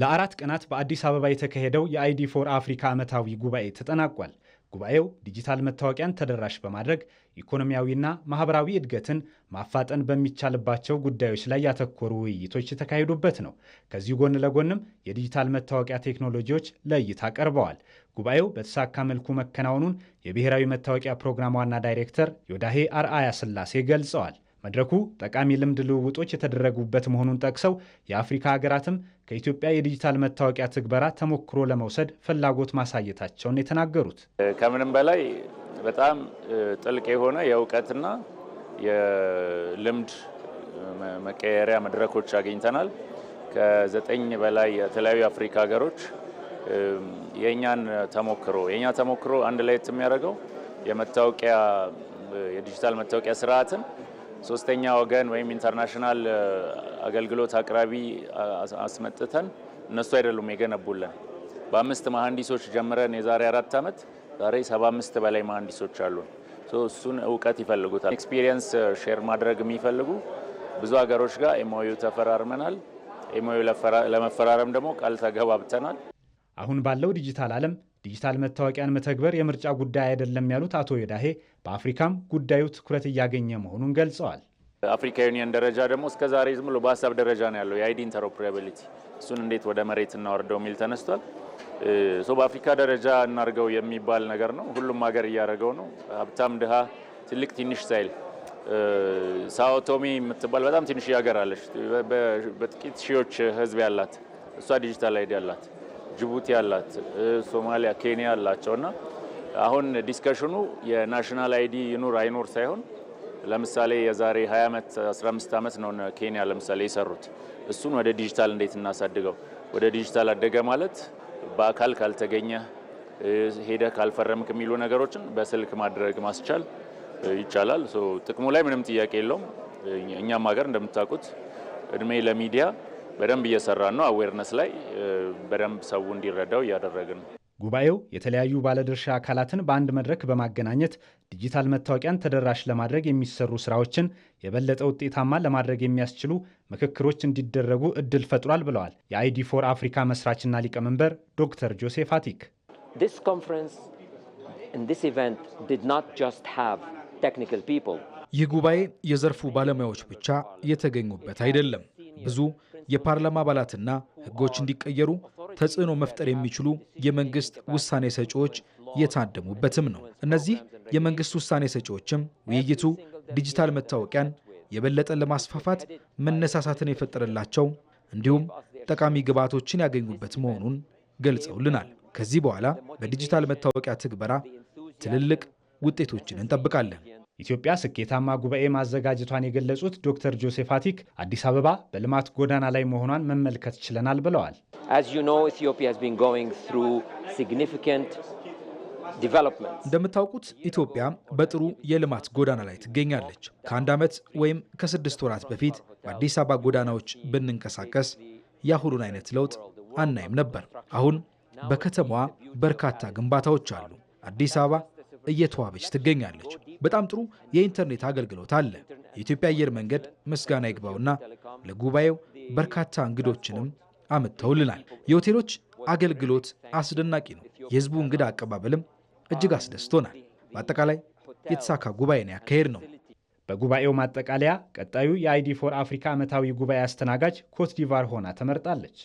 ለአራት ቀናት በአዲስ አበባ የተካሄደው የአይዲ ፎር አፍሪካ ዓመታዊ ጉባኤ ተጠናቋል። ጉባኤው ዲጂታል መታወቂያን ተደራሽ በማድረግ ኢኮኖሚያዊና ማህበራዊ እድገትን ማፋጠን በሚቻልባቸው ጉዳዮች ላይ ያተኮሩ ውይይቶች የተካሄዱበት ነው። ከዚሁ ጎን ለጎንም የዲጂታል መታወቂያ ቴክኖሎጂዎች ለእይታ ቀርበዋል። ጉባኤው በተሳካ መልኩ መከናወኑን የብሔራዊ መታወቂያ ፕሮግራም ዋና ዳይሬክተር ዮዳሄ አርአያ ስላሴ ገልጸዋል። መድረኩ ጠቃሚ ልምድ ልውውጦች የተደረጉበት መሆኑን ጠቅሰው የአፍሪካ ሀገራትም ከኢትዮጵያ የዲጂታል መታወቂያ ትግበራ ተሞክሮ ለመውሰድ ፍላጎት ማሳየታቸውን የተናገሩት ከምንም በላይ በጣም ጥልቅ የሆነ የእውቀትና የልምድ መቀየሪያ መድረኮች አግኝተናል። ከዘጠኝ በላይ የተለያዩ አፍሪካ ሀገሮች የእኛን ተሞክሮ የእኛ ተሞክሮ አንድ ላይ የሚያደርገው የመታወቂያ የዲጂታል መታወቂያ ስርዓትን ሶስተኛ ወገን ወይም ኢንተርናሽናል አገልግሎት አቅራቢ አስመጥተን እነሱ አይደሉም የገነቡልን። በአምስት መሀንዲሶች ጀምረን የዛሬ አራት ዓመት ዛሬ ሰባ አምስት በላይ መሀንዲሶች አሉን። እሱን እውቀት ይፈልጉታል። ኤክስፒሪየንስ ሼር ማድረግ የሚፈልጉ ብዙ ሀገሮች ጋር ኤምኦዩ ተፈራርመናል። ኤምኦዩ ለመፈራረም ደግሞ ቃል ተገባብተናል። አሁን ባለው ዲጂታል ዓለም ዲጂታል መታወቂያን መተግበር የምርጫ ጉዳይ አይደለም ያሉት አቶ የዳሄ በአፍሪካም ጉዳዩ ትኩረት እያገኘ መሆኑን ገልጸዋል። አፍሪካ ዩኒየን ደረጃ ደግሞ እስከ ዛሬ ዝም ብሎ በሀሳብ ደረጃ ነው ያለው የአይዲ ኢንተሮፕሬቢሊቲ እሱን እንዴት ወደ መሬት እናወርደው የሚል ተነስቷል። ሶ በአፍሪካ ደረጃ እናርገው የሚባል ነገር ነው። ሁሉም ሀገር እያደረገው ነው። ሀብታም፣ ድሃ፣ ትልቅ ትንሽ ሳይል ሳኦቶሚ የምትባል በጣም ትንሽ ሀገር አለች። በጥቂት ሺዎች ህዝብ ያላት እሷ ዲጂታል አይዲ ያላት ጅቡቲ አላት፣ ሶማሊያ፣ ኬንያ አላቸው እና አሁን ዲስከሽኑ የናሽናል አይዲ ይኑር አይኖር ሳይሆን ለምሳሌ የዛሬ 20 ዓመት 15 ዓመት ነው ኬንያ ለምሳሌ የሰሩት። እሱን ወደ ዲጂታል እንዴት እናሳድገው? ወደ ዲጂታል አደገ ማለት በአካል ካልተገኘ ሄደህ ካልፈረምክ የሚሉ ነገሮችን በስልክ ማድረግ ማስቻል ይቻላል። ጥቅሙ ላይ ምንም ጥያቄ የለውም። እኛም ሀገር እንደምታውቁት እድሜ ለሚዲያ በደንብ እየሰራን ነው። አዌርነስ ላይ በደንብ ሰው እንዲረዳው እያደረግን ነው። ጉባኤው የተለያዩ ባለድርሻ አካላትን በአንድ መድረክ በማገናኘት ዲጂታል መታወቂያን ተደራሽ ለማድረግ የሚሰሩ ስራዎችን የበለጠ ውጤታማ ለማድረግ የሚያስችሉ ምክክሮች እንዲደረጉ እድል ፈጥሯል ብለዋል የአይዲ ፎር አፍሪካ መስራችና ሊቀመንበር ዶክተር ጆሴፍ አቲክ። ይህ ጉባኤ የዘርፉ ባለሙያዎች ብቻ የተገኙበት አይደለም። ብዙ የፓርላማ አባላትና ህጎች እንዲቀየሩ ተጽዕኖ መፍጠር የሚችሉ የመንግስት ውሳኔ ሰጪዎች የታደሙበትም ነው። እነዚህ የመንግስት ውሳኔ ሰጪዎችም ውይይቱ ዲጂታል መታወቂያን የበለጠን ለማስፋፋት መነሳሳትን የፈጠረላቸው እንዲሁም ጠቃሚ ግብዓቶችን ያገኙበት መሆኑን ገልጸውልናል። ከዚህ በኋላ በዲጂታል መታወቂያ ትግበራ ትልልቅ ውጤቶችን እንጠብቃለን። ኢትዮጵያ ስኬታማ ጉባኤ ማዘጋጀቷን የገለጹት ዶክተር ጆሴፍ አቲክ አዲስ አበባ በልማት ጎዳና ላይ መሆኗን መመልከት ችለናል ብለዋል። እንደምታውቁት ኢትዮጵያ በጥሩ የልማት ጎዳና ላይ ትገኛለች። ከአንድ ዓመት ወይም ከስድስት ወራት በፊት በአዲስ አበባ ጎዳናዎች ብንንቀሳቀስ የአሁኑን አይነት ለውጥ አናይም ነበር። አሁን በከተማዋ በርካታ ግንባታዎች አሉ። አዲስ አበባ እየተዋበች ትገኛለች። በጣም ጥሩ የኢንተርኔት አገልግሎት አለ። የኢትዮጵያ አየር መንገድ ምስጋና ይግባውና ለጉባኤው በርካታ እንግዶችንም አመጥተውልናል። የሆቴሎች አገልግሎት አስደናቂ ነው። የህዝቡ እንግዳ አቀባበልም እጅግ አስደስቶናል። በአጠቃላይ የተሳካ ጉባኤን ያካሄድ ነው። በጉባኤው ማጠቃለያ ቀጣዩ የአይዲ ፎር አፍሪካ ዓመታዊ ጉባኤ አስተናጋጅ ኮትዲቫር ሆና ተመርጣለች።